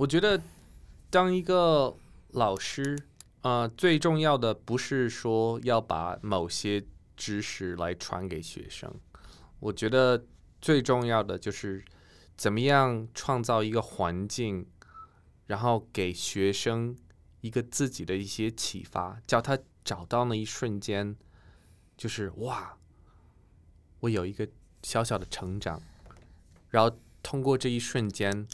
我覺得，當一個老師啊，呃，最重要的不是說要把某些知識來傳給學生。我覺得最重要的就是怎麼樣創造一個環境，然後給學生一個自己的一些啟發，叫他找到那一瞬間，就是哇，我有一個小小的成長，然後通過這一瞬間。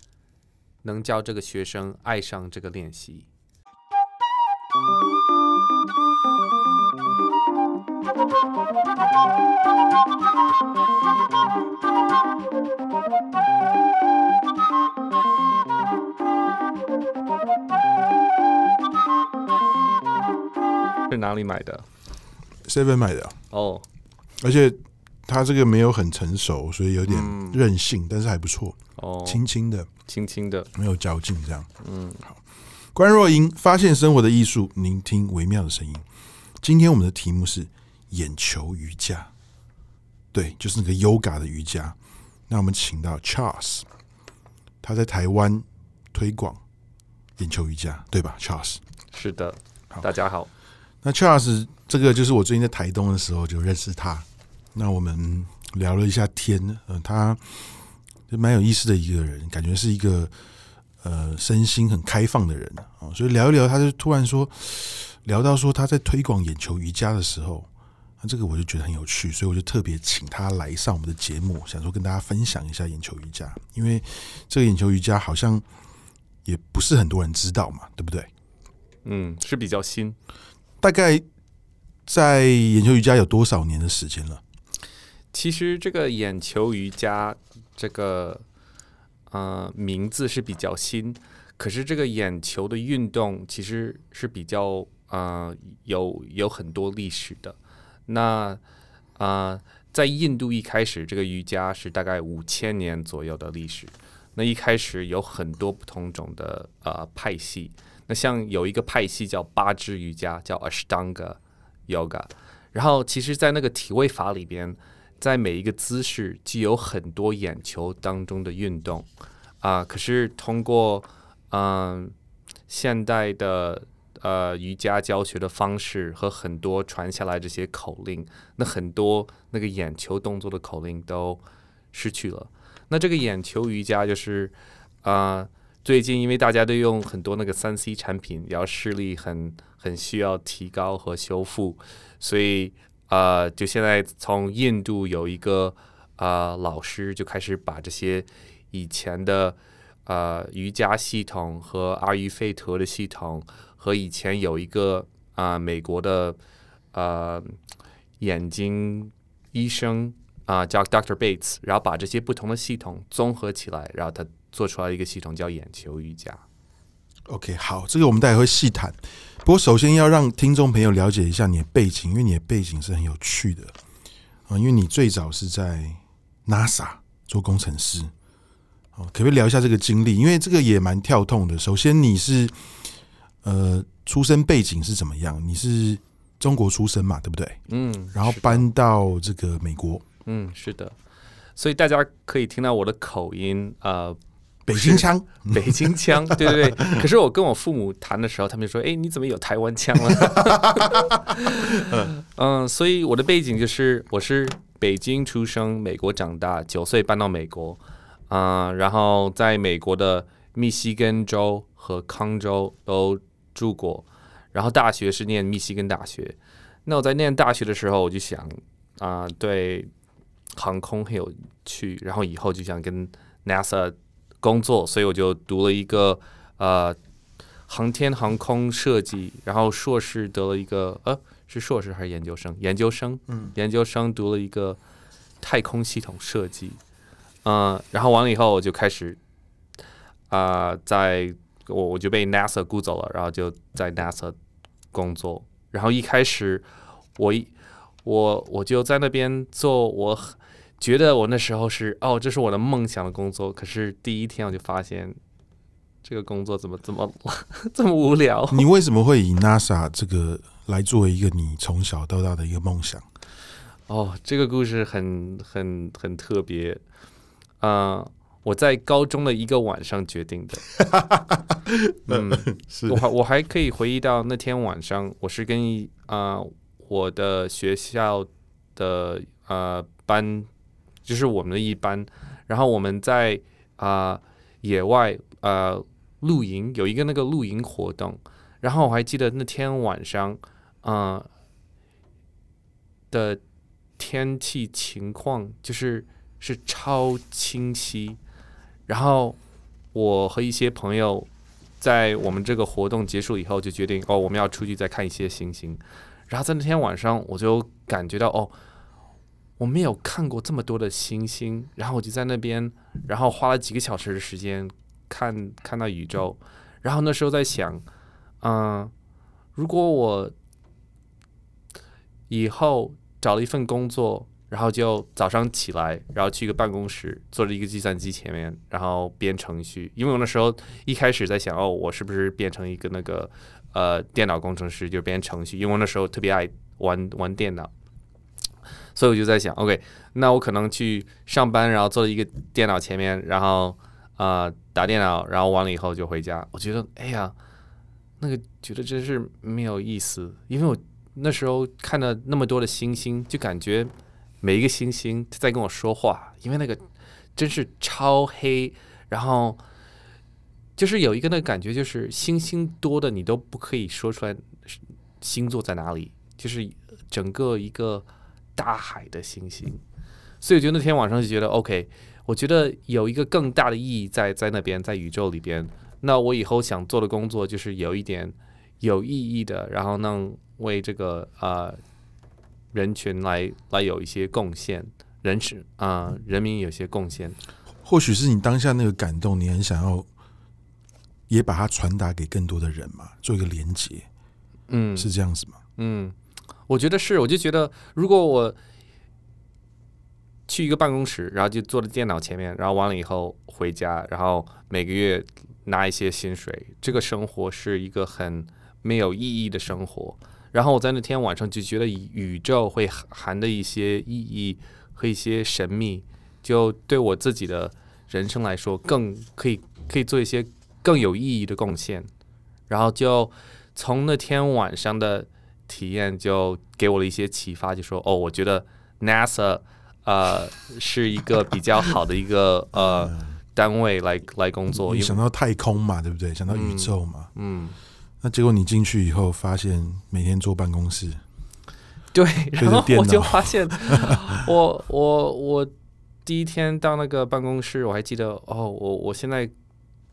能教這個學生愛上這個練習。在哪裡買的？s e 買的哦、啊，oh、而且。他這個沒有很成熟，所以有點韌性，嗯、但是還不錯。哦，輕輕的，輕輕的，沒有嚼勁這樣。嗯，好。關若英發現生活的藝術，聆聽微妙的聲音。今天我們的題目是眼球瑜伽，對，就是那個 yoga 的瑜伽。那我們請到 Charles，他在台灣推廣眼球瑜伽，對吧？Charles，是的。好，大家好。那 Charles，這個就是我最近在台東的時候就認識他。那我們聊了一下天，嗯、呃，他就蠻有意思的一個人，感覺是一個呃身心很開放的人啊、哦，所以聊一聊，他就突然說，聊到說他在推廣眼球瑜伽的時候，那、啊、這個我就覺得很有趣，所以我就特別請他來上我們的節目，想說跟大家分享一下眼球瑜伽，因為這個眼球瑜伽好像也不是很多人知道嘛，對不對？嗯，是比較新，大概在眼球瑜伽有多少年的時間了？其實這個眼球瑜伽，這個呃名字是比較新，可是這個眼球的運動其實是比較呃有有很多歷史的。那啊、呃，在印度一開始，這個瑜伽是大概五千年左右的歷史。那一開始有很多不同種的呃派系，那像有一個派系叫八支瑜伽，叫 Ashtanga Yoga。然後其實，在那個體位法裡邊。在每一個姿勢，既有很多眼球當中的運動，啊，可是通過，嗯、呃，現代的呃瑜伽教學的方式和很多傳下來這些口令，那很多那個眼球動作的口令都失去了。那這個眼球瑜伽就是，啊、呃，最近因為大家都用很多那個三 C 產品，然後視力很很需要提高和修復，所以。呃，uh, 就現在從印度有一個呃、uh, 老師就開始把這些以前的呃、uh, 瑜伽系統和阿育吠陀的系統，和以前有一個啊、uh, 美國的呃、uh, 眼睛醫生啊、uh, 叫 Doctor Bates，然後把這些不同的系統綜合起來，然後他做出來一個系統叫眼球瑜伽。OK，好，這個我們待會會細談。不過，首先要讓聽眾朋友了解一下你的背景，因為你的背景是很有趣的啊，呃。因為你最早是在 NASA 做工程師，呃，可不可以聊一下這個經歷？因為這個也蠻跳痛的。首先，你是呃，出生背景是怎麼樣？你是中國出生嘛，對不對？嗯。然後搬到這個美國。嗯，是的。所以大家可以聽到我的口音啊。呃北京腔，北京腔，對對對。可是我跟我父母談的時候，他們就說：“哎，你怎麼有台灣腔了？”嗯 嗯，所以我的背景就是，我是北京出生，美國長大，九歲搬到美國，嗯、呃，然後在美國的密西根州和康州都住過，然後大學是念密西根大學。那我在念大學的時候，我就想啊、呃，對航空很有趣，然後以後就想跟 NASA。工作，所以我就讀了一個呃，航天航空設計，然後碩士得了一個呃、啊，是碩士還是研究生？研究生，嗯、研究生讀了一個太空系統設計，嗯、呃，然後完了以後我就開始，啊、呃，在我我就被 NASA 雇走了，然後就在 NASA 工作，然後一開始我一我我就在那邊做我。覺得我那時候是哦，這是我的夢想的工作。可是第一天我就發現，這個工作怎麼這麼呵呵這麼無聊？你為什麼會以 NASA 這個來作為一個你從小到大的一個夢想？哦，這個故事很很很特別。啊、呃，我在高中的一個晚上決定的。 嗯， 是。我我還可以回憶到那天晚上，我是跟啊、呃、我的學校的啊、呃、班。就是我們的一班，然後我們在啊、呃、野外啊、呃、露營，有一個那個露營活動，然後我還記得那天晚上，啊、呃、的天氣情況就是是超清晰，然後我和一些朋友在我們這個活動結束以後就決定哦，我們要出去再看一些星星，然後在那天晚上我就感覺到哦。我沒有看過這麼多的星星，然後我就在那邊，然後花了幾個小時的時間看，看到宇宙，然後那時候在想，嗯、呃，如果我以後找了一份工作，然後就早上起來，然後去一個辦公室，坐了一個計算機前面，然後編程序，因為我那時候一開始在想，哦，我是不是變成一個那個呃電腦工程師，就編程序，因為我那時候特別愛玩玩電腦。所以我就在想，OK，那我可能去上班，然後坐在一個電腦前面，然後啊、呃、打電腦，然後完了以後就回家。我覺得，哎呀，那個覺得真是沒有意思，因為我那時候看到那麼多的星星，就感覺每一個星星在跟我說話，因為那個真是超黑，然後就是有一個那個感覺，就是星星多的你都不可以說出來星座在哪裡，就是整個一個。大海的星星，所以我覺得那天晚上就覺得 OK。我覺得有一個更大的意義在在那邊，在宇宙裡邊。那我以後想做的工作就是有一點有意義的，然後能為這個呃人群來來有一些貢獻，人是啊、呃，人民有些貢獻。或許是你當下那個感動，你很想要也把它傳達給更多的人嘛，做一個連接，嗯，是這樣子嗎？嗯。我覺得是，我就覺得，如果我去一個辦公室，然後就坐在電腦前面，然後完了以後回家，然後每個月拿一些薪水，這個生活是一個很沒有意義的生活。然後我在那天晚上就覺得，宇宙會含的一些意義和一些神秘，就對我自己的人生來說，更可以可以做一些更有意義的貢獻。然後就從那天晚上的。體驗就給我了一些啟發，就說哦，我覺得 NASA 呃 是一個比較好的一個呃 單位來來工作。一想到太空嘛，嗯、對不對？想到宇宙嘛，嗯。那結果你進去以後發現每天坐辦公室，對，然後我就發現 我我我第一天到那個辦公室，我還記得哦，我我現在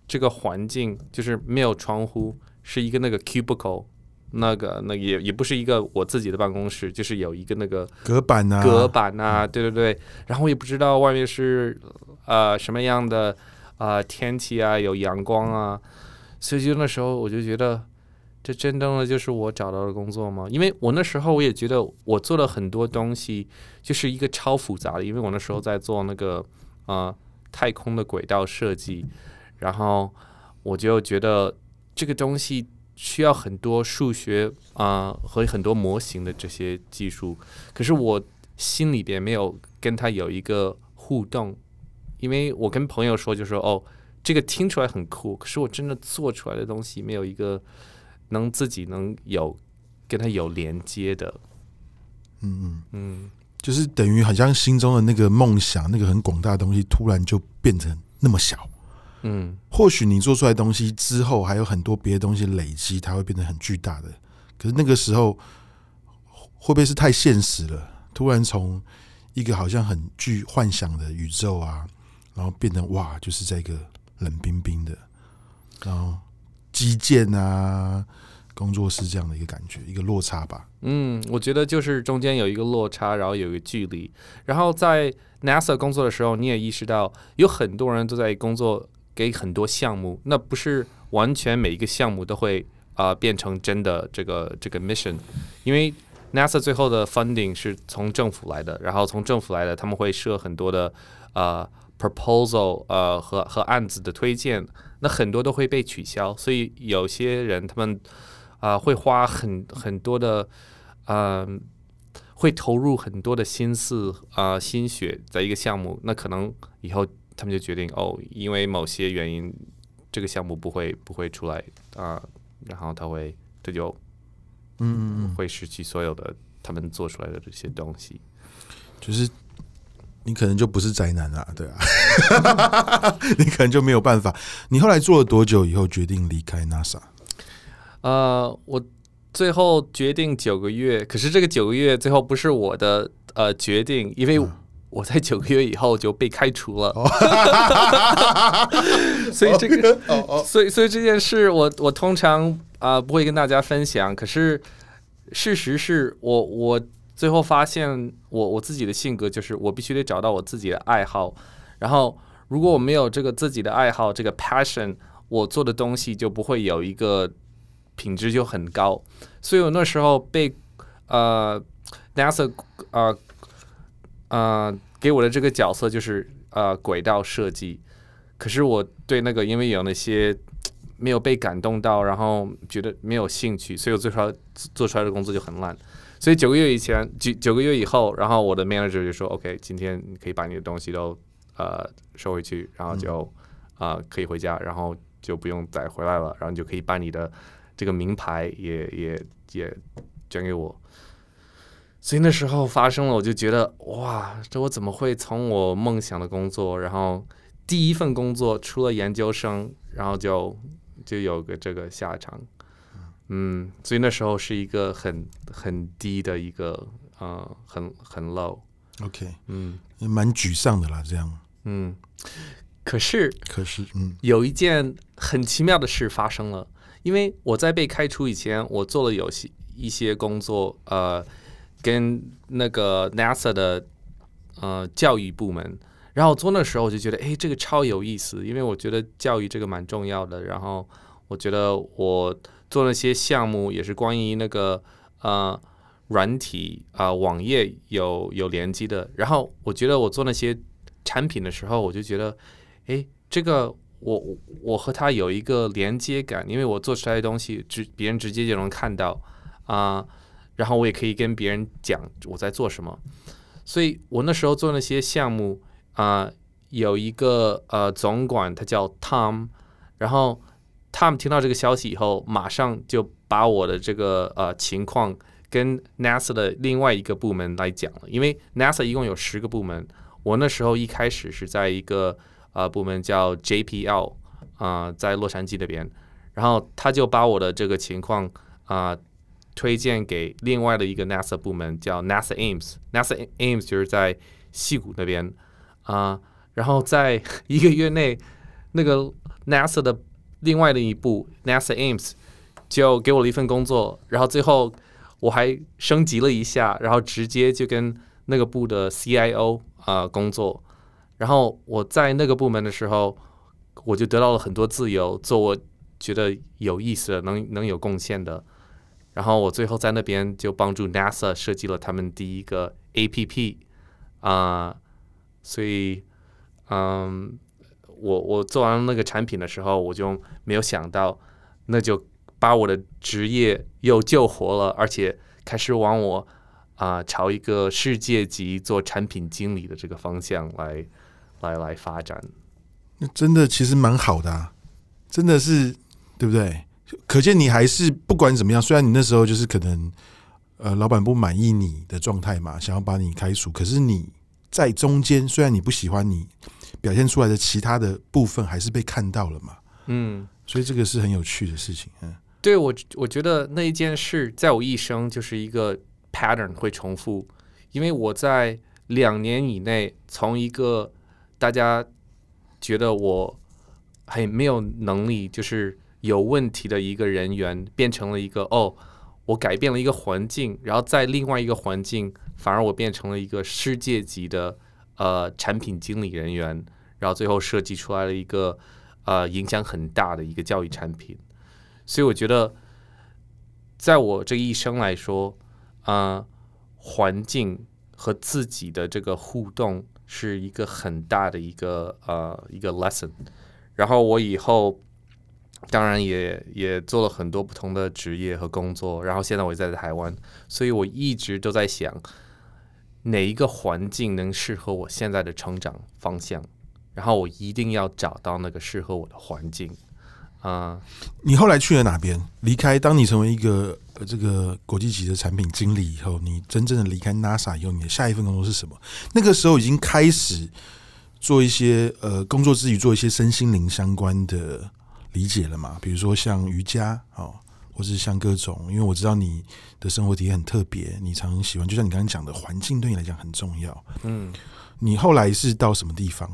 這個環境就是沒有窗戶，是一個那個 cubicle。那個那，也也不是一個我自己的辦公室，就是有一個那個隔板啊，隔板啊，隔板啊，對對對。然後我也不知道外面是啊、呃、什麼樣的啊、呃、天氣啊，有陽光啊。所以就那時候我就覺得，這真正的就是我找到的工作嗎？因為我那時候我也覺得我做了很多東西，就是一個超複雜的，因為我那時候在做那個呃太空的軌道設計，然後我就覺得這個東西。需要很多數學啊，呃，和很多模型的這些技術。可是我心裡邊沒有跟他有一個互動，因為我跟朋友說就說哦，這個聽出來很酷，可是我真的做出來的東西沒有一個能自己能有跟他有連接的。嗯嗯嗯，嗯就是等於好像心中的那個夢想，那個很廣大的東西，突然就變成那麼小。嗯，或許你做出來的東西之後，還有很多別的東西累積，它會變得很巨大的。可是那個時候，會不會是太現實了？突然從一個好像很具幻想的宇宙啊，然後變得哇，就是在一個冷冰冰的，然後基建啊，工作室這樣的一個感覺，一個落差吧。嗯，我覺得就是中間有一個落差，然後有一個距離。然後在 NASA 工作的時候，你也意識到有很多人都在工作。給很多項目，那不是完全每一個項目都會啊、呃、變成真的這個這個 mission，因為 NASA 最後的 funding 是從政府來的，然後從政府來的他們會設很多的啊、呃、proposal 呃和和案子的推薦，那很多都會被取消，所以有些人他們啊、呃、會花很很多的啊、呃、會投入很多的心思啊、呃、心血在一個項目，那可能以後。他們就決定哦，因為某些原因，這個項目不會不會出來啊、呃，然後他會這就，就嗯，嗯，會失去所有的他們做出來的這些東西。就是你可能就不是宅男啊，對啊， 嗯、 你可能就沒有辦法。你後來做了多久以後決定離開 NASA？呃，我最後決定九個月，可是這個九個月最後不是我的呃決定，因為、嗯。我在九個月以後就被開除了， 所以這個， oh, oh, oh. 所以所以這件事我，我我通常啊、uh, 不會跟大家分享。可是事實是我我最後發現我，我我自己的性格就是我必須得找到我自己的愛好。然後，如果我沒有這個自己的愛好，這個 passion，我做的東西就不會有一個品質就很高。所以我那時候被呃、uh,，NASA uh, 呃，給我的這個角色就是呃軌道設計，可是我對那個因為有那些沒有被感動到，然後覺得沒有興趣，所以我最少做出來的工作就很爛。所以九個月以前，九九個月以後，然後我的 manager 就說：“OK，、嗯、今天你可以把你的東西都呃收回去，然後就啊、呃、可以回家，然後就不用再回來了，然後你就可以把你的這個名牌也也也捐給我。”所以那時候發生了，我就覺得哇，這我怎麼會從我夢想的工作，然後第一份工作出了研究生，然後就就有個這個下場，嗯，所以那時候是一個很很低的一個，呃，很很 low。OK，嗯，也蠻沮喪的啦，這樣，嗯，可是，可是，嗯，有一件很奇妙的事發生了，因為我在被開除以前，我做了有些一些工作，呃。跟那個 NASA 的呃教育部門，然後我做那時候我就覺得，誒、哎，這個超有意思，因為我覺得教育這個蠻重要的。然後我覺得我做那些項目也是關於那個呃軟體啊、呃、網頁有有連接的。然後我覺得我做那些產品的時候，我就覺得，哎，這個我我和他有一個連接感，因為我做出來的東西直別人直接就能看到啊。呃然後我也可以跟別人講我在做什麼，所以我那時候做那些項目啊、呃，有一個呃總管他叫 Tom，然後 Tom 聽到這個消息以後，馬上就把我的這個呃情況跟 NASA 的另外一個部門來講了，因為 NASA 一共有十個部門，我那時候一開始是在一個呃部門叫 JPL 啊、呃，在洛杉磯那邊，然後他就把我的這個情況啊。呃推薦給另外的一個 NASA 部門，叫 NASA Ames，NASA Ames 就是在矽谷那邊啊。然後在一個月內，那個 NASA 的另外的一部 NASA Ames 就給我了一份工作。然後最後我還升級了一下，然後直接就跟那個部的 CIO 啊、呃、工作。然後我在那個部門的時候，我就得到了很多自由，做我覺得有意思的、能能有貢獻的。然後我最後在那邊就幫助 NASA 設計了他們第一個 APP，啊、呃，所以，嗯、呃，我我做完那個產品的時候，我就沒有想到，那就把我的職業又救活了，而且開始往我啊、呃、朝一個世界級做產品經理的這個方向來來來發展。那真的其實蠻好的、啊，真的是，對不對？可見你還是不管怎麼樣，雖然你那時候就是可能，呃，老闆不滿意你的狀態嘛，想要把你開除，可是你在中間，雖然你不喜歡，你表現出來的其他的部分還是被看到了嘛。嗯，所以這個是很有趣的事情。嗯，對，我我覺得那一件事在我一生就是一個 pattern 會重複，因為我在兩年以內從一個大家覺得我很沒有能力，就是。有問題的一個人員變成了一個哦，我改變了一個環境，然後在另外一個環境，反而我變成了一個世界級的呃產品經理人員，然後最後設計出來了一個呃影響很大的一個教育產品。所以我覺得，在我這一生來說，嗯、呃，環境和自己的這個互動是一個很大的一個呃一個 lesson。然後我以後。當然也也做了很多不同的職業和工作，然後現在我也在台灣，所以我一直都在想，哪一個環境能適合我現在的成長方向，然後我一定要找到那個適合我的環境啊！呃，你後來去了哪邊？離開？當你成為一個呃這個國際級的產品經理以後，你真正的離開 NASA 以後，你的下一份工作是什麼？那個時候已經開始做一些呃工作之餘做一些身心靈相關的。理解了嘛？比如說像瑜伽哦，或是像各種，因為我知道你的生活體驗很特別，你常常喜歡，就像你剛剛講的，環境對你來講很重要。嗯，你後來是到什麼地方？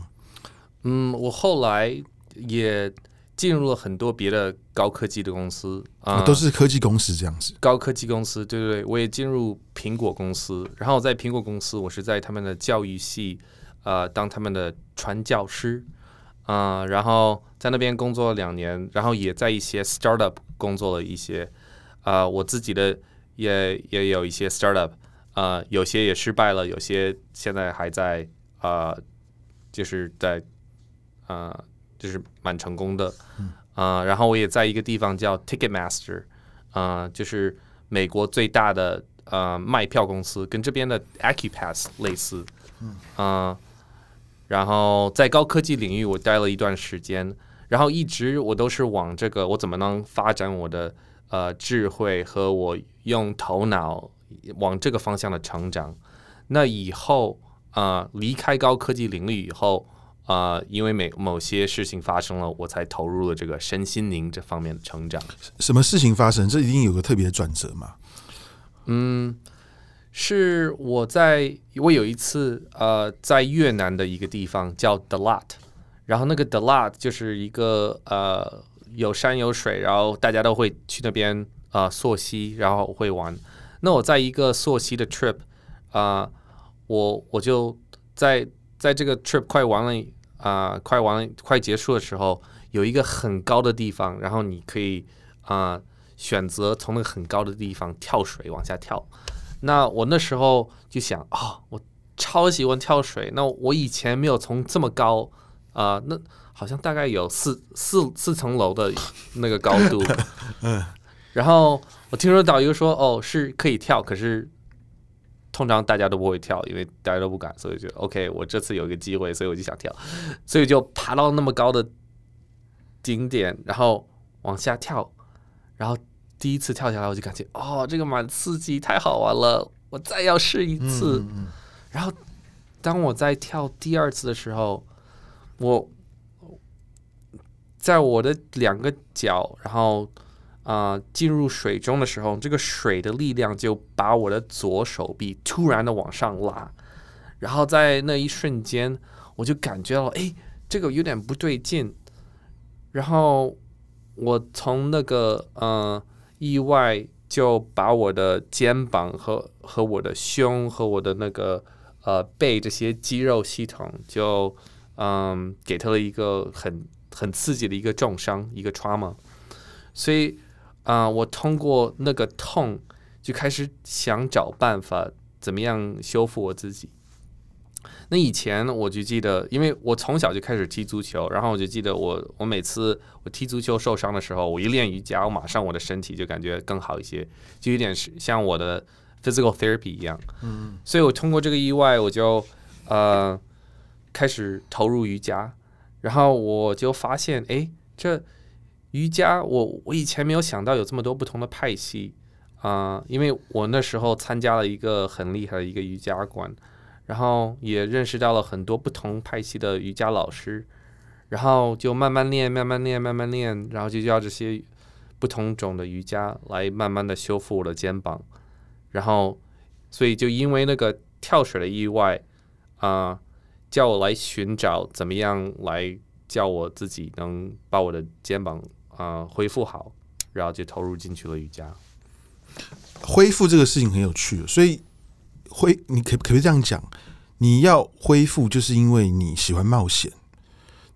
嗯，我後來也進入了很多別的高科技的公司啊，都是科技公司這樣子。嗯，高科技公司，對對對，我也進入蘋果公司，然後我在蘋果公司，我是在他們的教育系，呃，當他們的傳教師。嗯，uh, 然後在那邊工作了兩年，然後也在一些 startup 工作了一些，啊，我自己的也也有一些 startup，呃、啊，有些也失敗了，有些現在還在，呃、啊，就是在，呃、啊，就是蠻成功的，嗯，啊，然後我也在一個地方叫 Ticketmaster，啊，就是美國最大的呃、啊、賣票公司，跟這邊的 Accupass 類似，嗯，啊。然後在高科技領域我待了一段時間，然後一直我都是往這個，我怎麼能發展我的呃智慧和我用頭腦往這個方向的成長。那以後啊，呃，離開高科技領域以後啊，呃，因為每某些事情發生了，我才投入了這個身心靈這方面的成長。什麼事情發生？這一定有個特別的轉折嘛。嗯。是我在我有一次呃在越南的一個地方叫 Dalat，然後那個 Dalat 就是一個呃有山有水，然後大家都會去那邊啊溯溪，然後會玩。那我在一個溯溪的 trip 啊、呃，我我就在在這個 trip 快完了啊、呃，快完了快結束的時候，有一個很高的地方，然後你可以啊、呃、選擇從那個很高的地方跳水往下跳。那我那時候就想啊、哦，我超喜歡跳水。那我以前沒有從這麼高，呃，那好像大概有四四四層樓的那個高度。嗯。 然後我聽說導遊說，哦，是可以跳，可是通常大家都不會跳，因為大家都不敢，所以就 OK。我這次有一個機會，所以我就想跳，所以就爬到那麼高的頂點，然後往下跳，然後。第一次跳下來，我就感覺哦，這個蠻刺激，太好玩了，我再要試一次。嗯嗯嗯、然後，當我在跳第二次的時候，我在我的兩個腳，然後啊、呃、進入水中的時候，這個水的力量就把我的左手臂突然的往上拉，然後在那一瞬間，我就感覺到誒，這個有點不對勁。然後我從那個嗯。呃意外就把我的肩膀和和我的胸和我的那個呃背這些肌肉系統就嗯給他了一個很很刺激的一個重傷，一個 trauma，所以啊，呃，我通過那個痛就開始想找辦法怎麼樣修復我自己。那以前我就記得，因為我從小就開始踢足球，然後我就記得我我每次我踢足球受傷的時候，我一練瑜伽，我馬上我的身體就感覺更好一些，就有點是像我的 physical therapy 一樣。嗯，所以我通過這個意外，我就呃開始投入瑜伽，然後我就發現，哎，這瑜伽我我以前沒有想到有這麼多不同的派系啊，呃，因為我那時候參加了一個很厲害的一個瑜伽館。然後也認識到了很多不同派系的瑜伽老師，然後就慢慢練，慢慢練，慢慢練，然後就叫這些不同種的瑜伽來慢慢的修復我的肩膀。然後所以就因為那個跳水的意外啊、呃，叫我來尋找怎麼樣來叫我自己能把我的肩膀啊呃、恢復好，然後就投入進去了瑜伽。恢復這個事情很有趣，所以。恢，你可不可以這樣講？你要恢復，就是因為你喜歡冒險，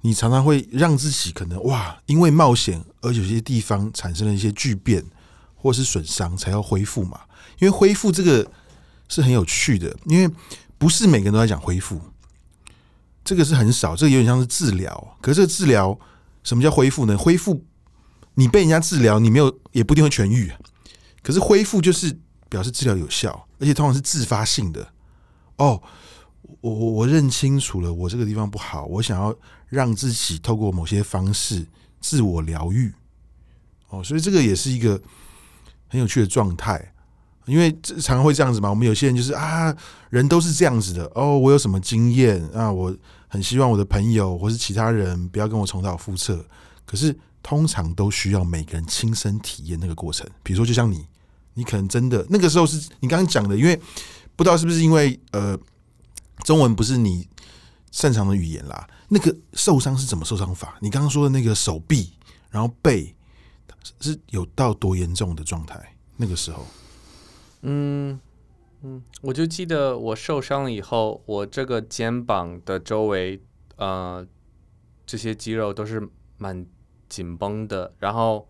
你常常會讓自己可能哇，因為冒險而有些地方產生了一些巨變或是損傷，才要恢復嘛。因為恢復這個是很有趣的，因為不是每個人都在講恢復，這個是很少，這個有點像是治療。可是這個治療什麼叫恢復呢？恢復，你被人家治療，你沒有也不一定會痊癒，可是恢復就是表示治療有效。而且通常是自發性的。哦，我我我認清楚了，我這個地方不好，我想要讓自己透過某些方式自我療癒。哦，所以這個也是一個很有趣的狀態，因為常常會這樣子嘛。我們有些人就是啊，人都是這樣子的。哦，我有什麼經驗啊？我很希望我的朋友或是其他人不要跟我重蹈覆轍。可是通常都需要每個人親身體驗那個過程。比如說，就像你。你可能真的那個時候是你剛剛講的，因為不知道是不是因為呃，中文不是你擅長的語言啦。那個受傷是怎麼受傷法？你剛剛說的那個手臂，然後背，是有到多嚴重的狀態？那個時候，嗯嗯，我就記得我受傷了以後，我這個肩膀的周圍啊、呃，這些肌肉都是蠻緊繃的，然後。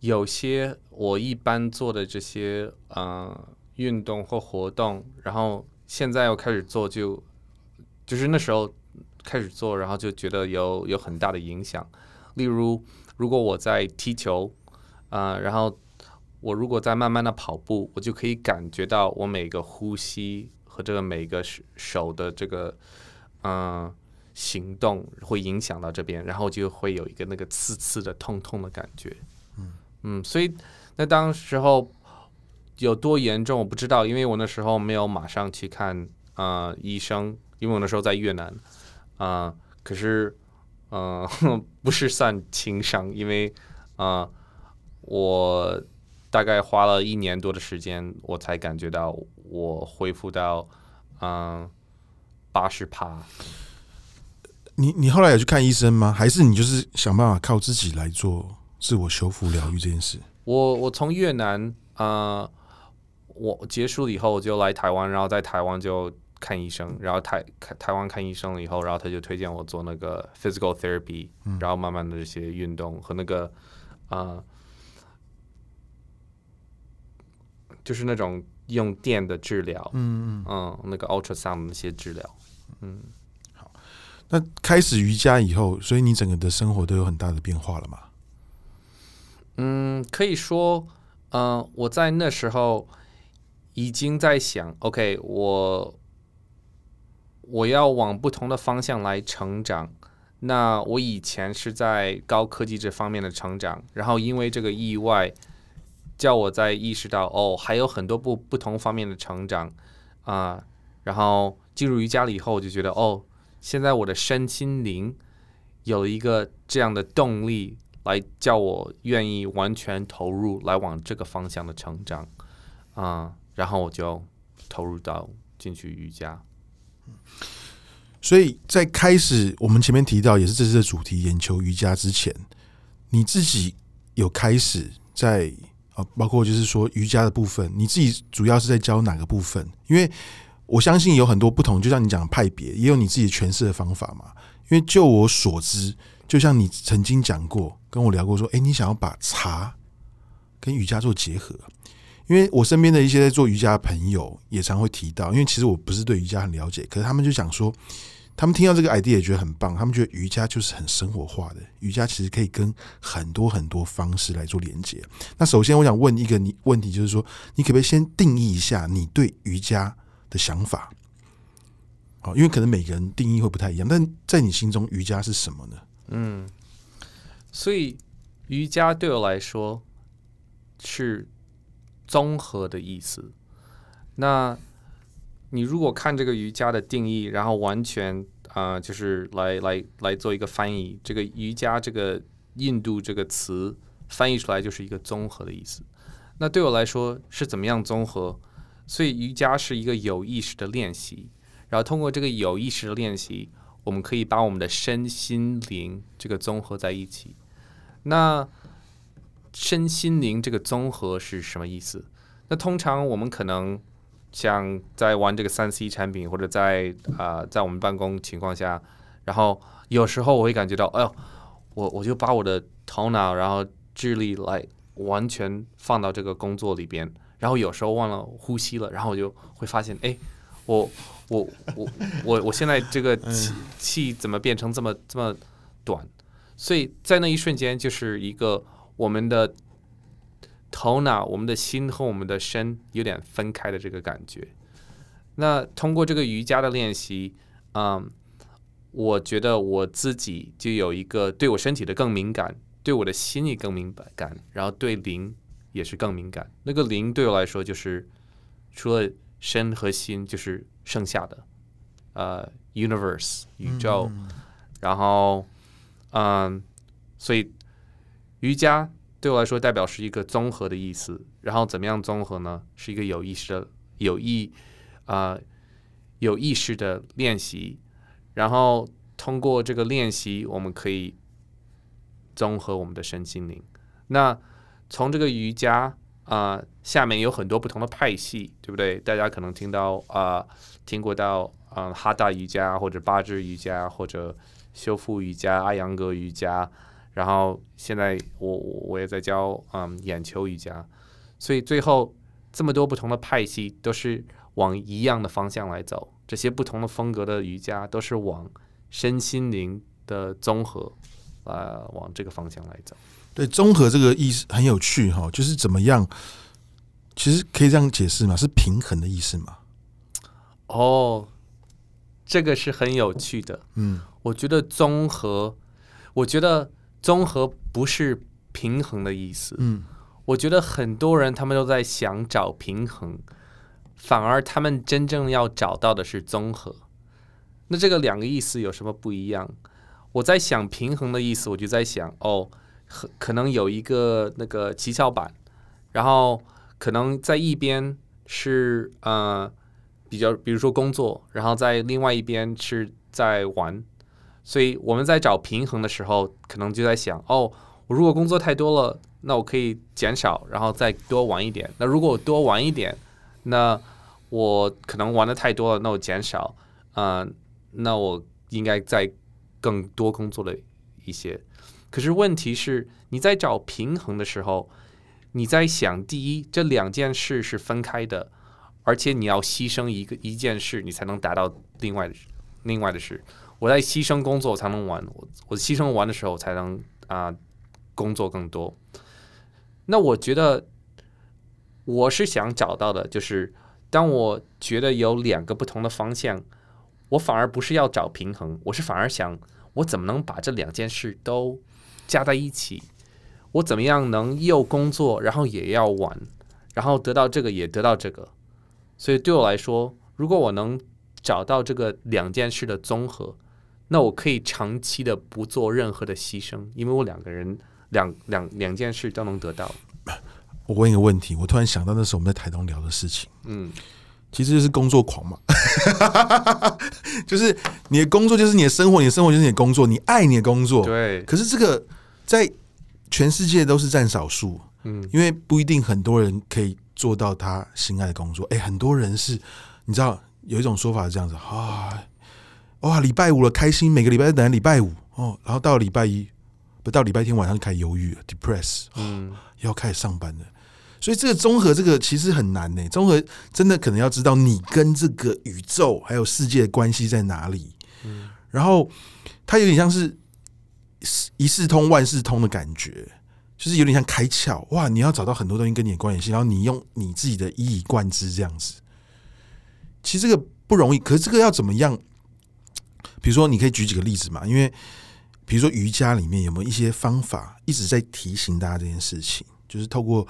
有些我一般做的這些，嗯、呃，運動或活動，然後現在又開始做就，就就是那時候開始做，然後就覺得有有很大的影響。例如，如果我在踢球，啊、呃，然後我如果在慢慢的跑步，我就可以感覺到我每個呼吸和這個每個手的這個，嗯、呃，行動會影響到這邊，然後就會有一個那個刺刺的痛痛的感覺。嗯，所以那當時候有多嚴重我不知道，因為我那時候沒有馬上去看啊、呃、醫生，因為我那時候在越南啊、呃，可是嗯、呃、不是算輕傷，因為啊、呃、我大概花了一年多的時間，我才感覺到我恢復到嗯八十趴。呃、你你後來有去看醫生嗎？還是你就是想辦法靠自己來做？自我修復、療癒這件事，我我從越南，啊、呃，我結束了以後，我就來台灣，然後在台灣就看醫生，然後台看台灣看醫生了以後，然後他就推薦我做那個 physical therapy，、嗯、然後慢慢的這些運動和那個，呃，就是那種用電的治療，嗯，那個 ultrasound 那些治療，嗯，好、嗯，那開始瑜伽以後，所以你整個的生活都有很大的變化了嗎？嗯，可以說，嗯、呃，我在那時候已經在想，OK，我我要往不同的方向來成長。那我以前是在高科技這方面的成長，然後因為這個意外，叫我在意識到哦，還有很多不不同方面的成長啊、呃。然後進入瑜伽了以後，我就覺得哦，現在我的身心靈有一個這樣的動力。來叫我願意完全投入來往這個方向的成長，啊、嗯，然後我就投入到進去瑜伽。所以在開始我們前面提到也是這次的主題眼球瑜伽之前，你自己有開始在啊，包括就是說瑜伽的部分，你自己主要是在教哪個部分？因為我相信有很多不同，就像你講的派別，也有你自己詮釋的方法嘛。因為就我所知。就像你曾經講過，跟我聊過說，哎，你想要把茶跟瑜伽做結合。因為我身邊的一些在做瑜伽的朋友也常會提到，因為其實我不是對瑜伽很了解，可是他們就想說，他們聽到這個 idea 也覺得很棒，他們覺得瑜伽就是很生活化的，瑜伽其實可以跟很多很多方式來做連接。那首先我想問一個你問題，就是說，你可不可以先定義一下你對瑜伽的想法？哦，因為可能每個人定義會不太一樣，但在你心中瑜伽是什麼呢？嗯，所以瑜伽對我來說是綜合的意思。那你如果看這個瑜伽的定義，然後完全啊、呃，就是來來來做一個翻譯，這個瑜伽這個印度這個詞翻譯出來就是一個綜合的意思。那對我來說是怎麼樣綜合？所以瑜伽是一個有意識的練習，然後通過這個有意識的練習。我們可以把我們的身心靈這個綜合在一起。那身心靈這個綜合是什麼意思？那通常我們可能像在玩這個三 C 產品，或者在啊、呃、在我們辦公情況下，然後有時候我會感覺到，哎呦，我我就把我的頭腦然後智力來完全放到這個工作裡邊，然後有時候忘了呼吸了，然後我就會發現，哎，我。 我我我我現在這個氣、嗯、氣怎麼變成這麼這麼短？所以在那一瞬間，就是一個我們的頭腦、我們的心和我們的身有點分開的這個感覺。那通過這個瑜伽的練習，嗯，我覺得我自己就有一個對我身體的更敏感，對我的心也更敏感，然後對靈也是更敏感。那個靈對我來說，就是除了身和心，就是。剩下的，呃、uh,，universe 宇宙，mm hmm. 然後，嗯、uh,，所以瑜伽對我來說代表是一個綜合的意思。然後怎麼樣綜合呢？是一個有意識的、有意啊、uh, 有意識的練習。然後通過這個練習，我們可以綜合我們的身心靈。那從這個瑜伽啊。Uh, 下面有很多不同的派系，對不對？大家可能聽到啊、呃，聽過到嗯、呃、哈達瑜伽或者八支瑜伽或者修復瑜伽、艾揚格瑜伽，然後現在我我也在教嗯、呃、眼球瑜伽，所以最後這麼多不同的派系都是往一樣的方向來走。這些不同的風格的瑜伽都是往身心靈的綜合啊、呃，往這個方向來走。對，綜合這個意思很有趣哈、哦，就是怎麼樣？其實可以這樣解釋嗎？是平衡的意思嗎？哦，這個是很有趣的。嗯，我覺得綜合，我覺得綜合不是平衡的意思。嗯，我覺得很多人他們都在想找平衡，反而他們真正要找到的是綜合。那這個兩個意思有什麼不一樣？我在想平衡的意思，我就在想哦，可能有一個那個七巧板，然後。可能在一邊是呃比較，比如說工作，然後在另外一邊是在玩，所以我們在找平衡的時候，可能就在想，哦，我如果工作太多了，那我可以減少，然後再多玩一點。那如果我多玩一點，那我可能玩的太多了，那我減少啊、呃，那我應該再更多工作了一些。可是問題是，你在找平衡的時候。你在想，第一，這兩件事是分開的，而且你要犧牲一個一件事，你才能達到另外的、另外的事。我在犧牲工作，我才能玩，我我犧牲玩的時候才能啊、呃、工作更多。那我覺得我是想找到的，就是當我覺得有兩個不同的方向，我反而不是要找平衡，我是反而想我怎麼能把這兩件事都加在一起。我怎麼樣能又工作，然後也要玩，然後得到這個也得到這個，所以對我來說，如果我能找到這個兩件事的綜合，那我可以長期的不做任何的犧牲，因為我兩個人兩兩兩件事都能得到。我問一個問題，我突然想到那時候我們在台東聊的事情，嗯，其實就是工作狂嘛， 就是你的工作就是你的生活，你的生活就是你的工作，你愛你的工作，對，可是這個在。全世界都是佔少數，嗯，因為不一定很多人可以做到他心愛的工作。哎、欸，很多人是，你知道有一種說法是這樣子啊，哇、哦，哦，禮拜五了，開心，每個禮拜都等禮拜五哦，然後到禮拜一，不到禮拜天晚上就開始猶豫了，depress，哦，嗯，要開始上班了。所以這個綜合這個其實很難呢、欸，綜合真的可能要知道你跟這個宇宙還有世界的關係在哪裡，嗯，然後它有點像是。一事通萬事通的感覺，就是有點像開竅哇！你要找到很多東西跟你的關聯性，然後你用你自己的一以貫之這樣子。其實這個不容易，可是這個要怎麼樣？比如說，你可以舉幾個例子嘛。因為比如說瑜伽裡面有沒有一些方法一直在提醒大家這件事情？就是透過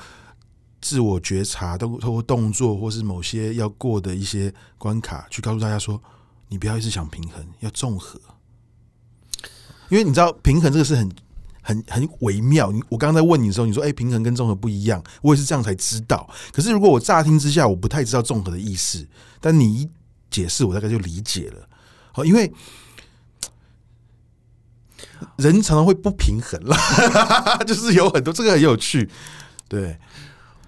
自我覺察，都透過動作，或是某些要過的一些關卡，去告訴大家說：你不要一直想平衡，要綜合。因為你知道平衡這個是很、很、很微妙。我剛剛在問你的時候，你說“哎、欸，平衡跟綜合不一樣”，我也是這樣才知道。可是如果我乍聽之下，我不太知道綜合的意思，但你一解釋，我大概就理解了。好，因為人常常會不平衡啦， 就是有很多這個很有趣。對，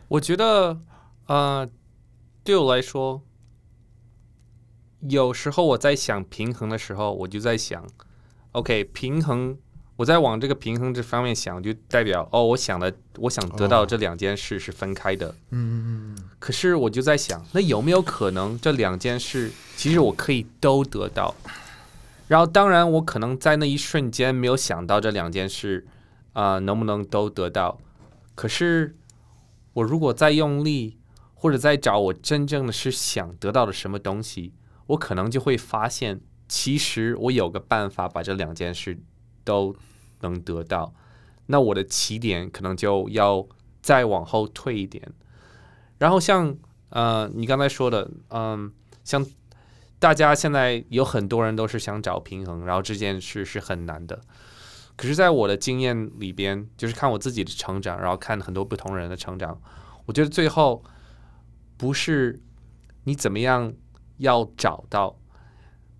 我覺得，呃，對我來說，有時候我在想平衡的時候，我就在想。OK，平衡，我在往這個平衡這方面想，就代表哦，我想的，我想得到這兩件事是分開的。嗯嗯嗯。Hmm. 可是我就在想，那有沒有可能這兩件事其實我可以都得到？然後，當然，我可能在那一瞬間沒有想到這兩件事啊、呃、能不能都得到。可是，我如果再用力，或者再找我真正的是想得到的什麼東西，我可能就會發現。其實我有個辦法，把這兩件事都能得到。那我的起點可能就要再往後退一點。然後像呃，你剛才說的，嗯、呃，像大家現在有很多人都是想找平衡，然後這件事是很難的。可是，在我的經驗裡邊，就是看我自己的成長，然後看很多不同人的成長，我覺得最後不是你怎麼樣要找到。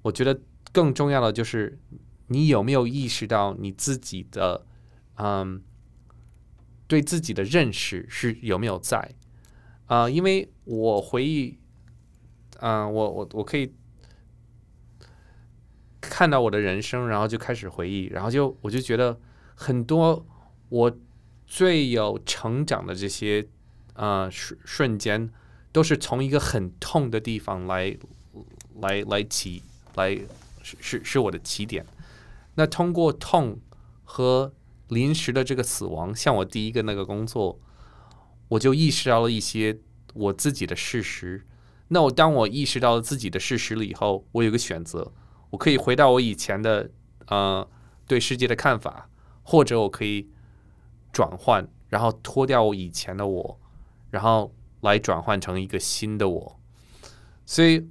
我覺得更重要的就是，你有沒有意識到你自己的，嗯，對自己的認識是有沒有在？啊、呃，因為我回憶，啊、呃，我我我可以看到我的人生，然後就開始回憶，然後就我就覺得很多我最有成長的這些，啊、呃，瞬瞬間都是從一個很痛的地方來來來起。來是是我的起點，那通過痛和臨時的這個死亡，像我第一個那個工作，我就意識到了一些我自己的事實。那我當我意識到了自己的事實了以後，我有個選擇，我可以回到我以前的呃對世界的看法，或者我可以轉換，然後脫掉我以前的我，然後來轉換成一個新的我，所以。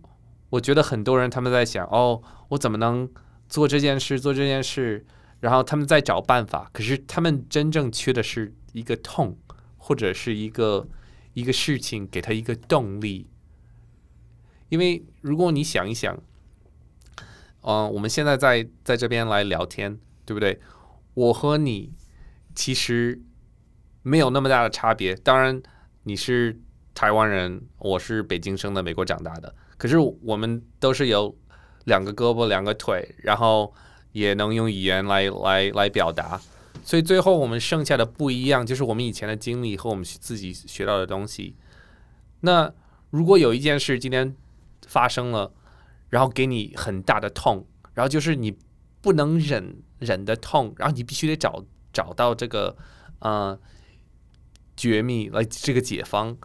我覺得很多人他們在想哦，我怎麼能做這件事做這件事？然後他們在找辦法，可是他們真正缺的是一個痛，或者是一個一個事情給他一個動力。因為如果你想一想，嗯、呃，我們現在在在這邊來聊天，對不對？我和你其實沒有那麼大的差別。當然，你是台灣人，我是北京生的，美國長大的。可是我們都是有兩個胳膊、兩個腿，然後也能用語言來來來表達，所以最後我們剩下的不一樣，就是我們以前的經歷和我們自己學到的東西。那如果有一件事今天發生了，然後給你很大的痛，然後就是你不能忍忍的痛，然後你必須得找找到這個嗯、呃、絕密來這個解方，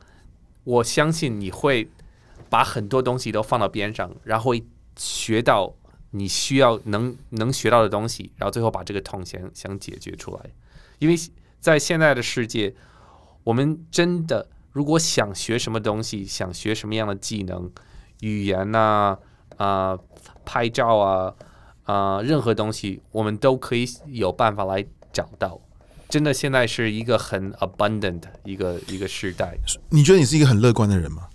我相信你會。把很多東西都放到邊上，然後學到你需要能能學到的東西，然後最後把這個痛點想解決出來。因為在現在的世界，我們真的如果想學什麼東西，想學什麼樣的技能、語言啊、啊、呃、拍照啊、啊、呃、任何東西，我們都可以有辦法來找到。真的，現在是一個很 abundant 一個一個時代。你覺得你是一個很樂觀的人嗎？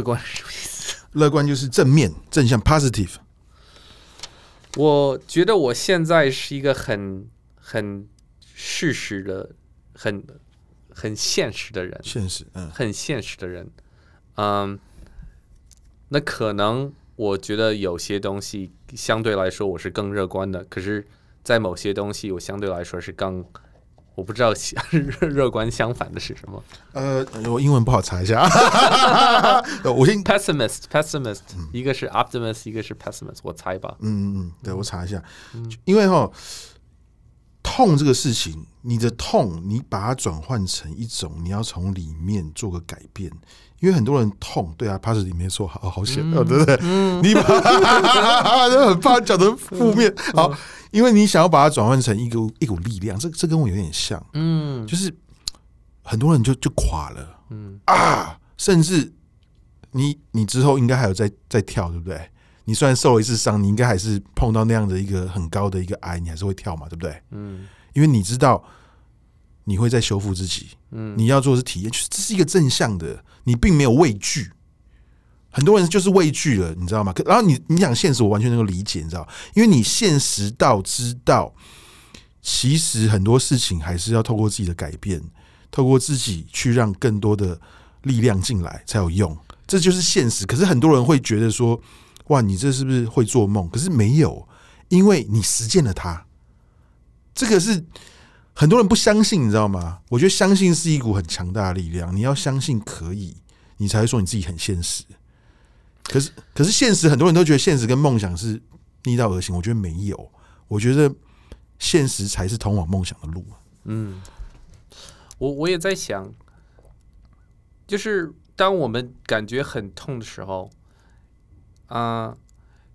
樂觀什麼意思？樂觀就是正面、正向 （positive）。我覺得我現在是一個很、很事實的、很、很現實的人。現實，嗯，很現實的人，嗯，um。那可能我覺得有些東西相對來說我是更樂觀的，可是，在某些東西我相對來說是更。我不知道樂、樂觀相反的是什麼？呃，我英文不好查一下。 我先，pessimist，pessimist，嗯、一個是 optimist，一個是 pessimist，我猜吧。嗯嗯嗯，對，我查一下。嗯、因為痛這個事情，你的痛，你把它轉換成一種，你要從裡面做個改變。因為很多人痛，對啊，怕死，沒錯，好好險啊，嗯、對不對？嗯，你把 很怕講的負面，好，嗯、因為你想要把它轉換成一股一股力量，這這跟我有點像，嗯，就是很多人就就垮了，嗯啊，甚至你你之後應該還有在在跳，對不對？你雖然受了一次傷，你應該還是碰到那樣的一個很高的一個崖，你還是會跳嘛，對不對？嗯，因為你知道。你會在修復自己，嗯，你要做的是體驗，這是一個正向的，你並沒有畏懼。很多人就是畏懼了，你知道嗎？可然後你，你講現實，我完全能夠理解，你知道，因為你現實到知道，其實很多事情還是要透過自己的改變，透過自己去讓更多的力量進來才有用，這就是現實。可是很多人會覺得說，哇，你這是不是會做夢？可是沒有，因為你實踐了它，這個是。很多人不相信，你知道嗎？我覺得相信是一股很強大的力量。你要相信可以，你才會說你自己很現實。可是，可是現實很多人都覺得現實跟夢想是逆道而行。我覺得沒有，我覺得現實才是通往夢想的路。嗯，我我也在想，就是當我們感覺很痛的時候，啊、呃，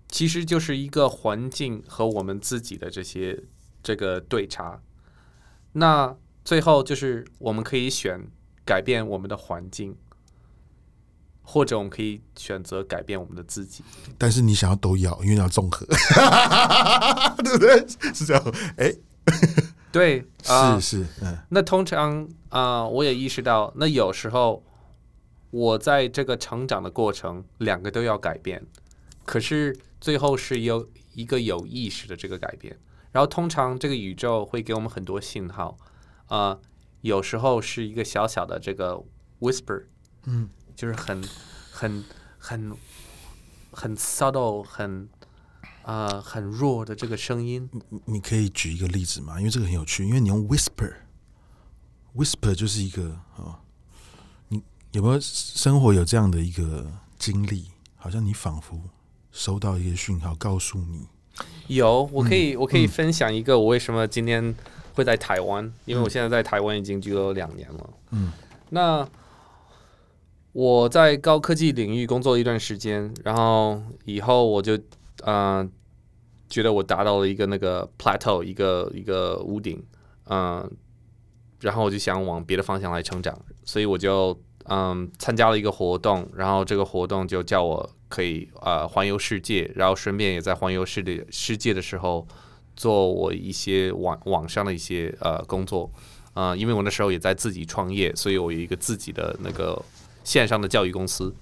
其實就是一個環境和我們自己的這些這個對差。那最後就是我們可以選改變我們的環境，或者我們可以選擇改變我們的自己。但是你想要都要，因為要綜合，對不對？是這樣。哎、欸，對，是、呃、是，是。嗯，那通常啊、呃，我也意識到，那有時候我在這個成長的過程，兩個都要改變，可是最後是有一個有意識的這個改變。然後通常這個宇宙會給我們很多信號，啊，有時候是一個小小的這個 whisper，嗯，就是很、很、很、很 subtle，很啊，很弱的這個聲音。你你可以舉一個例子嗎？因為這個很有趣，因為你用 whisper，whisper 就是一個啊，你有沒有生活有這樣的一個經歷？好像你仿佛收到一個訊號，告訴你。有，我可以，嗯、我可以分享一個我為什麼今天會在台灣，嗯、因為我現在在台灣已經居留了兩年了。嗯，那我在高科技領域工作了一段時間，然後以後我就，嗯、呃，覺得我達到了一個那個 plateau，一個一個屋頂，嗯、呃，然後我就想往別的方向來成長，所以我就，嗯、呃，參加了一個活動，然後這個活動就叫我。可以啊、呃，環遊世界，然後順便也在環遊世的世界的時候做我一些網網上的一些呃工作啊、呃，因為我那時候也在自己創業，所以我有一個自己的那個線上的教育公司。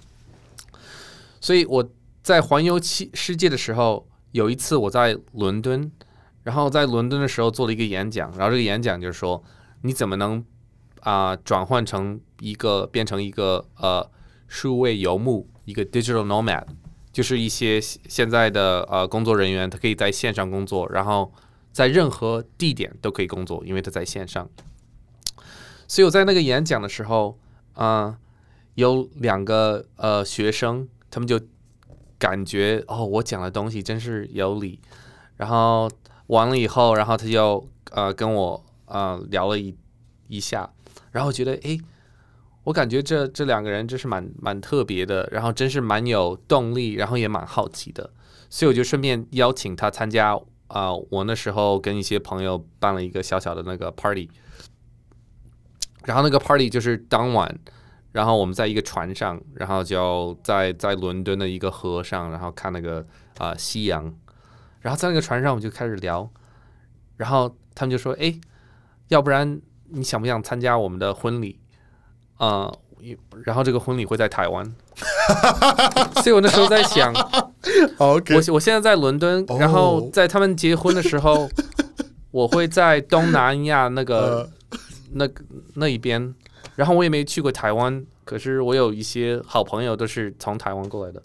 所以我在環遊世世界的時候，有一次我在倫敦，然後在倫敦的時候做了一個演講，然後這個演講就是說，你怎麼能啊、呃、轉換成一個變成一個呃數位游牧，一個 digital nomad，就是一些現在的呃工作人員，他可以在線上工作，然後在任何地點都可以工作，因為他在線上。所以我在那個演講的時候，啊、呃，有兩個呃學生，他們就感覺哦，我講的東西真是有理。然後完了以後，然後他就呃跟我呃聊了一一下，然後覺得哎。誒我感覺這這兩個人真是蠻蠻特別的，然後真是蠻有動力，然後也蠻好奇的，所以我就順便邀請他參加啊、呃。我那時候跟一些朋友辦了一個小小的那個 party，然後那個 party 就是當晚，然後我們在一個船上，然後就在在倫敦的一個河上，然後看那個啊夕陽，然後在那個船上我們就開始聊，然後他們就說：“哎，要不然你想不想參加我們的婚禮？”啊，uh, 然後這個婚禮會在台灣， 所以我那時候在想， Okay. 我我現在在倫敦，oh. 然後在他們結婚的時候， 我會在東南亞那個、uh. 那那一邊，然後我也沒去過台灣，可是我有一些好朋友都是從台灣過來的，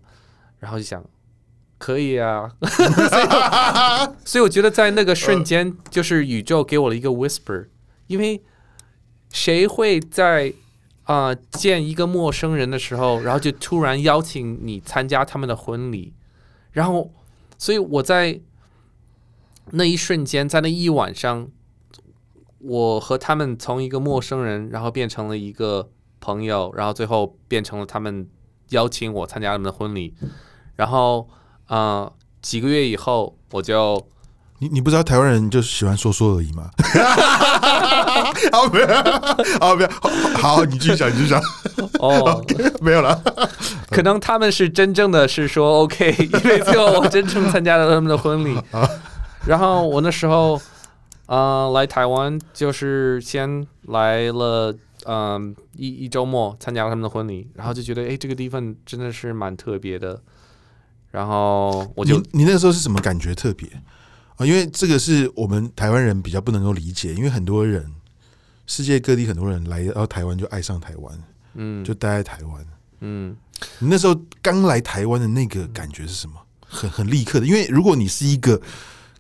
然後就想可以啊 所以，所以我覺得在那個瞬間，uh. 就是宇宙給我了一個 whisper，因為誰會在？啊、呃，見一個陌生人的時候，然後就突然邀請你參加他們的婚禮，然後，所以我在那一瞬間，在那一晚上，我和他們從一個陌生人，然後變成了一個朋友，然後最後變成了他們邀請我參加他們的婚禮，然後，啊、呃，幾個月以後我就。你你不知道台灣人就喜歡說說而已嗎？好，不要好，不要好，你繼續講繼續講哦，沒有了。可能他們是真正的是說 OK，因為最後我真正參加了他們的婚禮啊。然後我那時候啊來台灣就是先來了嗯一一周末參加了他們的婚禮，然後就覺得哎這個地方真的是蠻特別的。然後我就，你那時候是什麼感覺特別？因為這個是我們台灣人比較不能夠理解，因為很多人世界各地很多人來到台灣就愛上台灣，嗯，就待在台灣。嗯，你那時候剛來台灣的那個感覺是什麼？很很立刻的，因為如果你是一個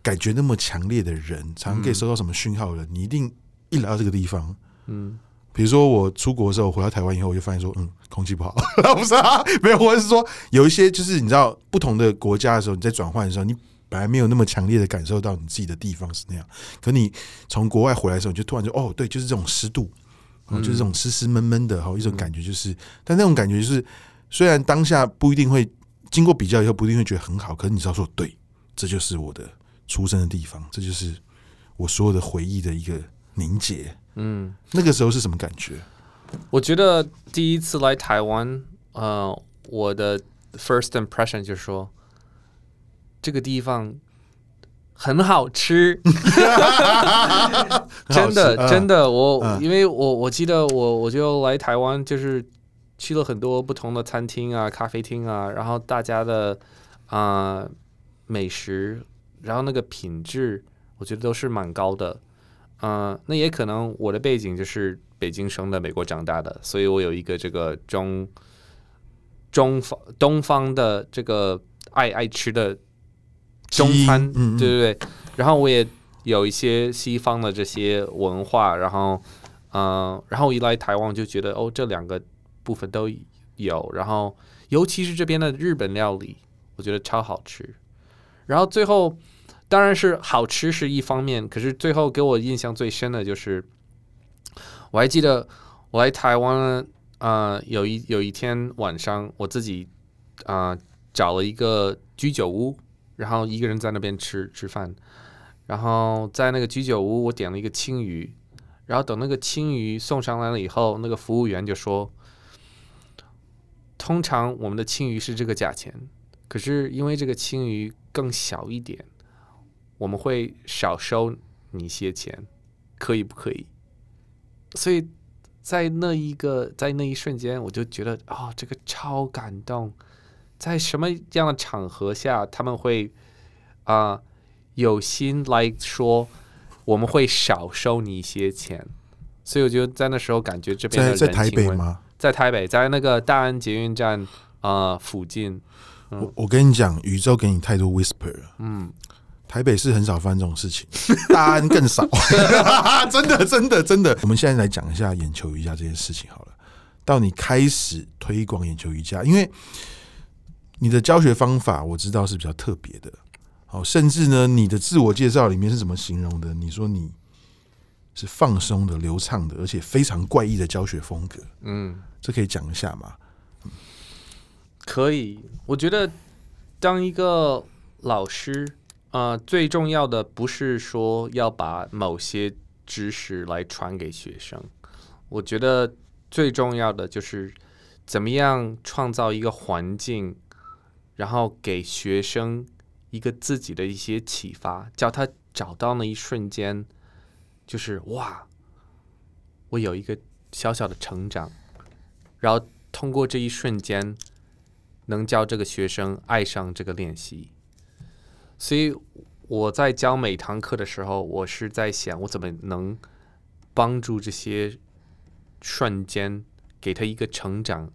感覺那麼強烈的人，常常可以收到什麼訊號的人，嗯，你一定一來到這個地方，嗯，比如說我出國的時候，我回到台灣以後，我就發現說，嗯，空氣不好， 不是啊，沒有，我是說有一些就是你知道不同的國家的時候，你在轉換的時候，你。本來沒有那麼強烈的感受到你自己的地方是那樣，可是你從國外回來的時候，你就突然就哦，對，就是這種濕度，嗯嗯、就是這種濕濕悶悶的，好一種感覺。就是，嗯、但那種感覺就是，雖然當下不一定會經過比較以後不一定會覺得很好，可是你知道說，對，這就是我的出生的地方，這就是我所有的回憶的一個凝結。嗯，那個時候是什麼感覺？我覺得第一次來台灣，呃，我的 first impression 就是說，這個地方很好吃，真的真的， 我因為我我記得我我就來台灣就是去了很多不同的餐廳啊、咖啡廳啊，然後大家的啊、呃、美食，然後那個品質，品質我覺得都是蠻高的，嗯、呃，那也可能我的背景就是北京生的，美國長大的，所以我有一個這個中中方東方的這個愛愛吃的。中餐，對對對，嗯、然後我也有一些西方的這些文化，然後，嗯、呃，然後一來台灣就覺得哦，這兩個部分都有，然後尤其是這邊的日本料理，我覺得超好吃。然後最後，當然是好吃是一方面，可是，最後給我印象最深的就是，我還記得，我來台灣呢，呃，有一有一天晚上，我自己啊、呃、找了一個居酒屋。然後一個人在那邊吃吃飯，然後在那個居酒屋，我點了一個青魚，然後等那個青魚送上來了以後，那個服務員就說：“通常我們的青魚是這個價錢，可是因為這個青魚更小一點，我們會少收你一些錢，可以不可以？”所以在那一個，在那一瞬間，我就覺得，哦，這個超感動。在什麼樣的場合下他們會啊、呃、有心來說，我們會少收你一些錢，所以我就在那時候感覺這邊在，在台北嗎？在台北，在那個大安捷運站啊、呃、附近。嗯、我我跟你講，宇宙給你太多 whisper 了。嗯，台北是很少發生這種事情，大安更少，真的真的真的。真的真的 我們現在來講一下眼球瑜伽這件事情好了。到你開始推廣眼球瑜伽，因為。你的教學方法我知道是比較特別的，好、哦，甚至呢，你的自我介紹裡面是怎麼形容的？你說你是放鬆的、流暢的，而且非常怪異的教學風格，嗯，這可以講一下嗎？嗯、可以，我覺得當一個老師啊、呃，最重要的不是說要把某些知識來傳給學生，我覺得最重要的就是怎麼樣創造一個環境。然後給學生一個自己的一些啟發，叫他找到那一瞬間，就是哇，我有一個小小的成長，然後通過這一瞬間，能教這個學生愛上這個練習。所以我在教每一堂課的時候，我是在想，我怎麼能幫助這些瞬間給他一個成長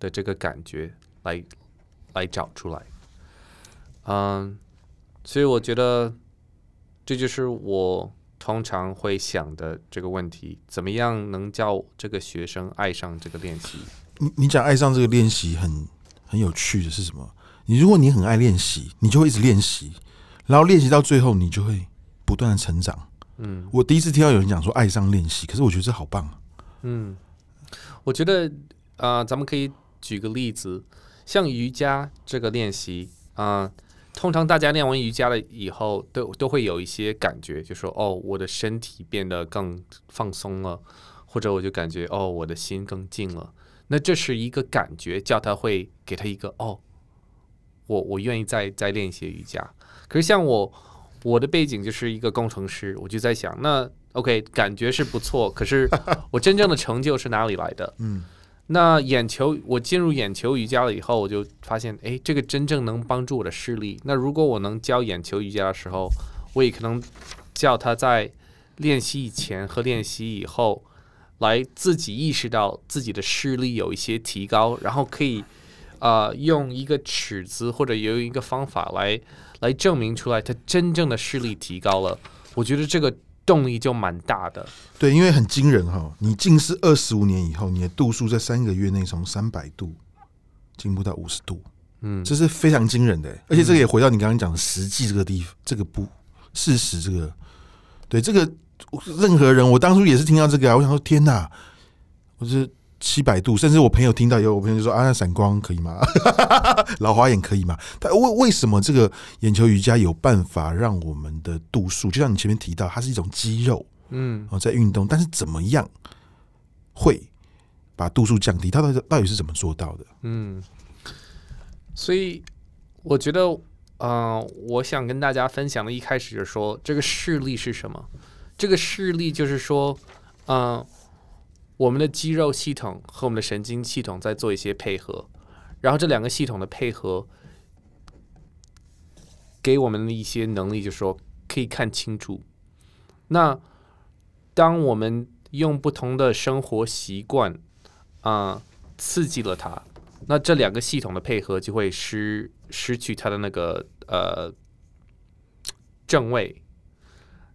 的這個感覺來。來找出來，嗯、uh，所以我覺得這就是我通常會想的這個問題：怎麼樣能叫這個學生愛上這個練習？你你講愛上這個練習，很很有趣的是什麼？你如果你很愛練習，你就會一直練習，然後練習到最後，你就會不斷的成長。嗯，我第一次聽到有人講說愛上練習，可是我覺得這好棒啊！嗯，我覺得啊、呃，咱們可以舉個例子。像瑜伽這個練習，啊、呃，通常大家練完瑜伽了以後，都都會有一些感覺，就是、說哦，我的身體變得更放鬆了，或者我就感覺哦，我的心更近了。那這是一個感覺，叫他會給他一個哦，我我願意再再練一些瑜伽。可是像我我的背景就是一個工程師，我就在想，那 OK 感覺是不錯， 可是我真正的成就是哪裡來的？嗯。那眼球，我進入眼球瑜伽了以後，我就發現，哎，這個真正能幫助我的視力。那如果我能教眼球瑜伽的時候，我也可能叫他在練習以前和練習以後，來自己意識到自己的視力有一些提高，然後可以，啊，呃，用一個尺子或者有一個方法來來證明出來他真正的視力提高了。我覺得這個。動力就蠻大的，對，因為很驚人哈、哦！你近視二十五年以後，你的度數在三個月內從三百度進步到五十度，嗯，這是非常驚人的。而且這個也回到你剛剛講的實際這個地方，這個不事實、這個，這個對這個任何人，我當初也是聽到這個啊，我想說天哪，我、就是。七百度，甚至我朋友聽到以後，我朋友就說：“啊，那散光可以嗎？ 老花眼可以嗎？”但為為什麼這個眼球瑜伽有辦法讓我們的度數，就像你前面提到，它是一種肌肉，嗯，哦、在運動，但是怎麼樣會把度數降低？它到底到底是怎麼做到的？嗯，所以我覺得，嗯、呃，我想跟大家分享的，一開始就說這個視力是什麼？這個視力就是說，嗯、呃。我們的肌肉系統和我們的神經系統在做一些配合，然後這兩個系統的配合給我們的一些能力，就是說可以看清楚。那當我們用不同的生活習慣啊、呃、刺激了它，那這兩個系統的配合就會失失去它的那個呃正位。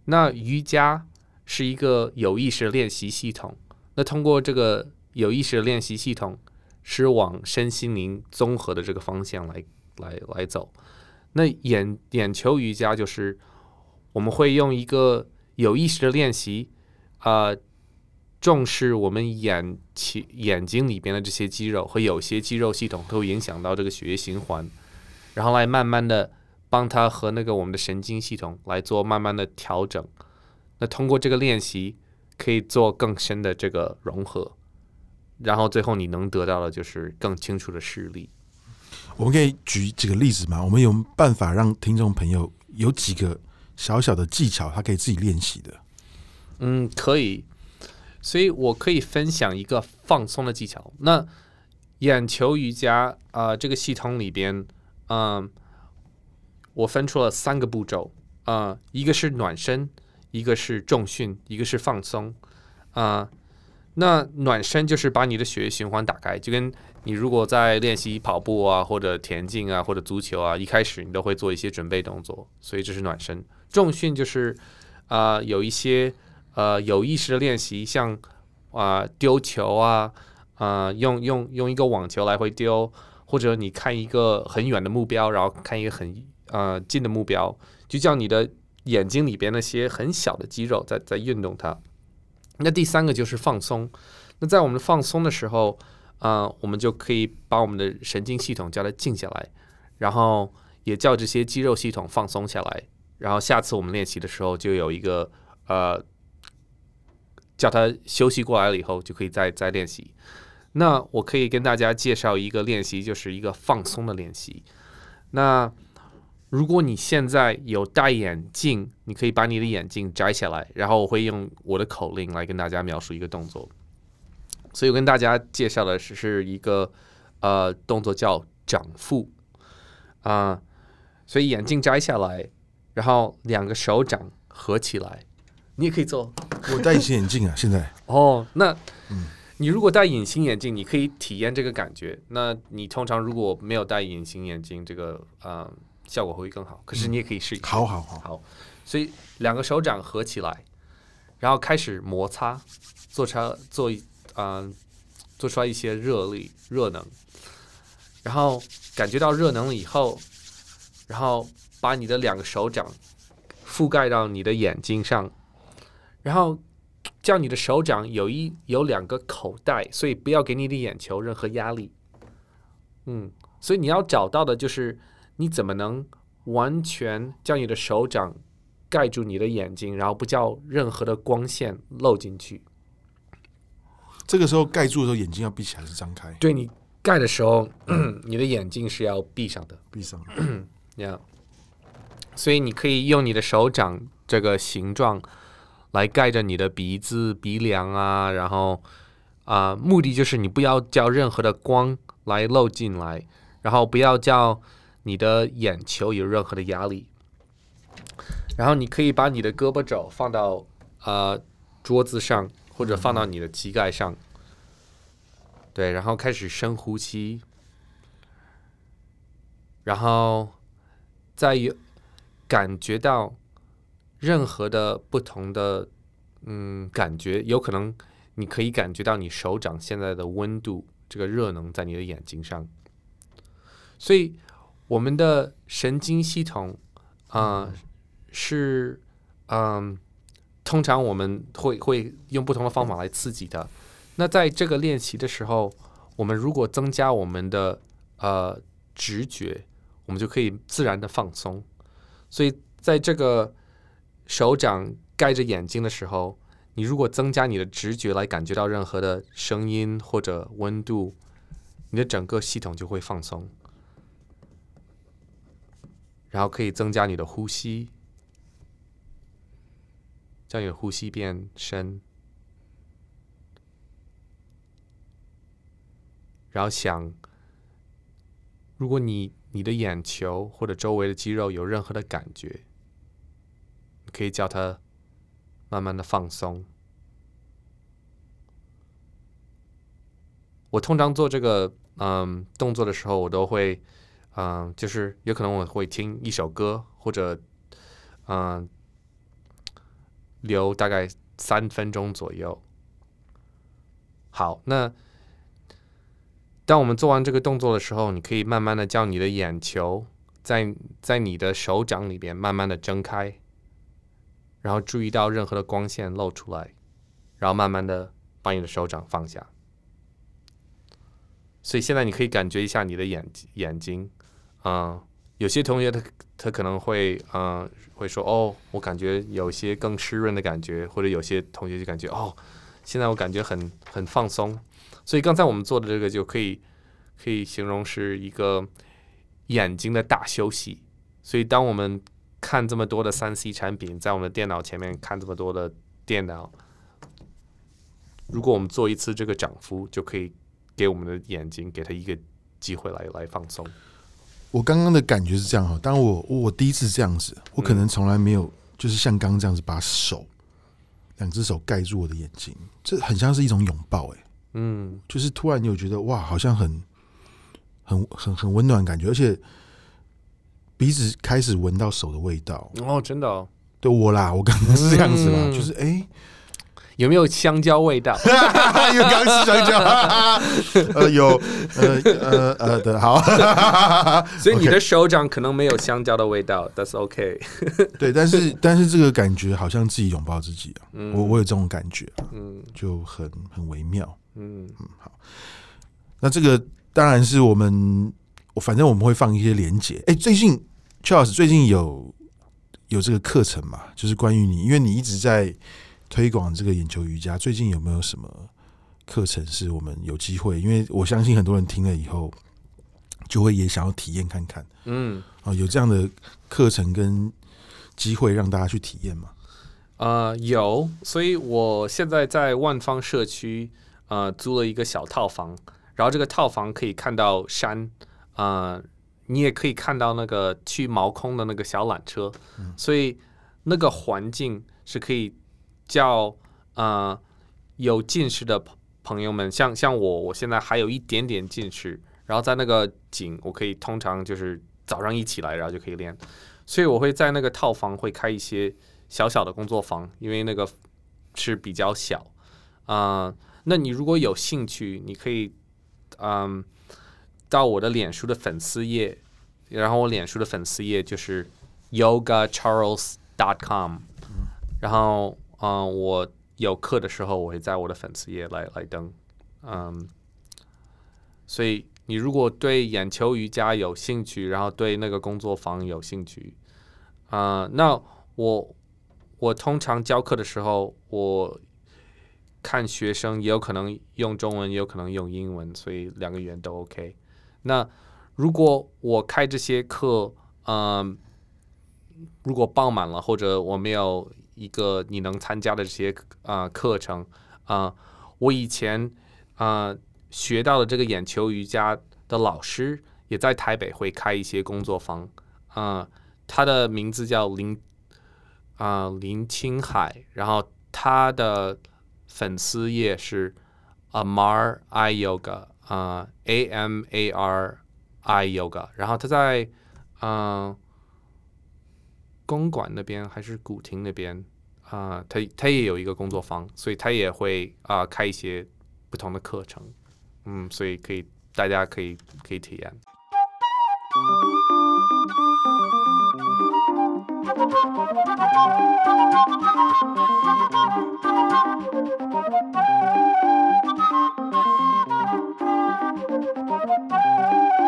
那瑜伽是一個有意識的練習系統。那通過這個有意識的練習系統，是往身心靈綜合的這個方向來來來走。那眼眼球瑜伽就是，我們會用一個有意識的練習，呃，重視我們眼眼睛裡邊的這些肌肉和有些肌肉系統，都影響到這個血液循環，然後來慢慢的幫他和那個我們的神經系統來做慢慢的調整。那通過這個練習。可以做更深的這個融合，然後最後你能得到的就是更清楚的視力。我們可以舉幾個例子嘛？我們有辦法讓聽眾朋友有幾個小小的技巧，他可以自己練習的？嗯，可以。所以我可以分享一個放鬆的技巧。那眼球瑜伽啊、呃，這個系統裡邊，嗯、呃，我分出了三個步驟。呃，一個是暖身。一個是重訓，一個是放鬆，啊、呃，那暖身就是把你的血液循環打開，就跟你如果在練習跑步啊，或者田徑啊，或者足球啊，一開始你都會做一些準備動作，所以這是暖身。重訓就是啊、呃，有一些呃有意識的練習，像啊、呃、丟球啊，啊、呃，用用用一個網球來回丟，或者你看一個很遠的目標，然後看一個很啊、呃、近的目標，就叫你的。眼睛裡邊那些很小的肌肉在在運動它，那第三個就是放鬆。那在我們放鬆的時候，啊、呃，我們就可以把我們的神經系統叫它靜下來，然後也叫這些肌肉系統放鬆下來。然後下次我們練習的時候，就有一個呃，叫它休息過來了以後，就可以再再練習。那我可以跟大家介紹一個練習，就是一個放鬆的練習。那如果你現在有戴眼鏡，你可以把你的眼鏡摘下來，然後我會用我的口令來跟大家描述一個動作。所以我跟大家介紹的是是一個，呃，動作叫掌腹啊、呃。所以眼鏡摘下來，然後兩個手掌合起來，你也可以做。我戴隱形眼鏡啊， 現在哦，那、嗯、你如果戴隱形眼鏡，你可以體驗這個感覺。那你通常如果沒有戴隱形眼鏡，這個啊。呃效果會更好，可是你也可以試一試，嗯。好好好，好，所以兩個手掌合起來，然後開始摩擦，做出做，嗯、呃，做出來一些熱力、熱能，然後感覺到熱能了以後，然後把你的兩個手掌覆蓋到你的眼睛上，然後叫你的手掌有一有兩個口袋，所以不要給你的眼球任何壓力。嗯，所以你要找到的就是。你怎麼能完全將你的手掌蓋住你的眼睛，然後不叫任何的光線漏進去？這個時候蓋住的時候，眼睛要閉起來是張開？對，你蓋的時候，嗯、你的眼睛是要閉上的。閉上，樣、 yeah. 所以你可以用你的手掌這個形狀來蓋着你的鼻子、鼻梁啊，然後啊、呃，目的就是你不要叫任何的光來漏進來，然後不要叫。你的眼球有任何的壓力，然後你可以把你的胳膊肘放到啊、呃、桌子上，或者放到你的膝蓋上，嗯、對，然後開始深呼吸，然後再有感覺到任何的不同的嗯感覺，有可能你可以感覺到你手掌現在的溫度，這個熱能在你的眼睛上，所以。我們的神經系統，啊、呃，是嗯、呃，通常我們會會用不同的方法來刺激的。那在這個練習的時候，我們如果增加我們的呃直覺，我們就可以自然的放鬆。所以，在這個手掌蓋着眼睛的時候，你如果增加你的直覺來感覺到任何的聲音或者溫度，你的整個系統就會放鬆。然後可以增加你的呼吸，叫你的呼吸變深。然後想，如果你你的眼球或者周圍的肌肉有任何的感覺，可以叫它慢慢的放鬆。我通常做這個嗯動作的時候，我都會。嗯，uh, 就是有可能我會聽一首歌，或者嗯，uh, 留大概三分鐘左右。好，那當我們做完這個動作的時候，你可以慢慢的將你的眼球在在你的手掌裡邊慢慢的睜開，然後注意到任何的光線露出來，然後慢慢的把你的手掌放下。所以現在你可以感覺一下你的眼眼睛。嗯，uh, 有些同學他他可能會嗯，uh, 會說哦，我感覺有些更濕潤的感覺，或者有些同學就感覺哦，現在我感覺很很放鬆。所以剛才我們做的這個就可以可以形容是一個眼睛的大休息。所以當我們看這麼多的三 C 產品，在我們電腦前面看這麼多的電腦，如果我們做一次這個掌敷，就可以給我們的眼睛給他一個機會來來放鬆。我剛剛的感覺是這樣哈，當我我第一次這樣子，我可能從來沒有就是像剛剛這樣子把手兩隻手蓋住我的眼睛，這很像是一種擁抱哎、欸，嗯，就是突然你有覺得哇，好像很很很很溫暖的感覺，而且鼻子開始聞到手的味道哦，真的、哦、對我啦，我剛剛是這樣子啦，嗯、就是哎。欸有沒有香蕉味道？有剛吃香蕉， 呃，有，呃呃呃，好。 所以你的手掌可能沒有香蕉的味道，That's OK 對，但是但是這個感覺好像自己擁抱自己啊，嗯、我我有這種感覺、啊，嗯，就很很微妙，嗯嗯，好。那這個當然是我們，我反正我們會放一些連結。哎、欸，最近 Charles 最近有有這個課程嘛？就是關於你，因為你一直在。推廣這個眼球瑜伽，最近有沒有什麼課程是我們有機會？因為我相信很多人聽了以後，就會也想要體驗看看。嗯，啊，有這樣的課程跟機會讓大家去體驗嗎？呃，有。所以我現在在萬芳社區，呃，租了一個小套房，然後這個套房可以看到山，啊，呃，，你也可以看到那個去貓空的那個小纜車，嗯，所以那個環境是可以，叫呃，有近視的朋朋友們，像像我，我現在還有一點點近視，然後在那個景，我可以通常就是早上一起來，然後就可以練，所以我會在那個套房會開一些小小的工作坊，因為那個是比較小，啊、呃，那你如果有興趣，你可以嗯到我的臉書的粉絲頁，然後我臉書的粉絲頁就是 yogacharles.com，然後。嗯，uh, 我有課的時候，我會在我的粉絲頁來來登。嗯、um,，所以你如果對眼球瑜伽有興趣，然後對那個工作坊有興趣，啊、uh,，那我我通常教課的時候，我看學生也有可能用中文，也有可能用英文，所以兩個語言都 OK。那如果我開這些課，嗯、um,，如果爆滿了或者我沒有。一個你能參加的這些啊、呃、課程啊、呃，我以前啊、呃、學到的這個眼球瑜伽的老師也在台北會開一些工作坊啊、呃，他的名字叫林啊、呃、林青海，然後他的粉絲頁是 Amari Yoga 啊 Amari Yoga、呃、A M A R I Yoga，然後他在嗯。呃公館那邊還是古亭那邊啊，他、呃、他也有一個工作坊，所以他也會啊、呃、開一些不同的課程，嗯，所以可以大家可以可以體驗。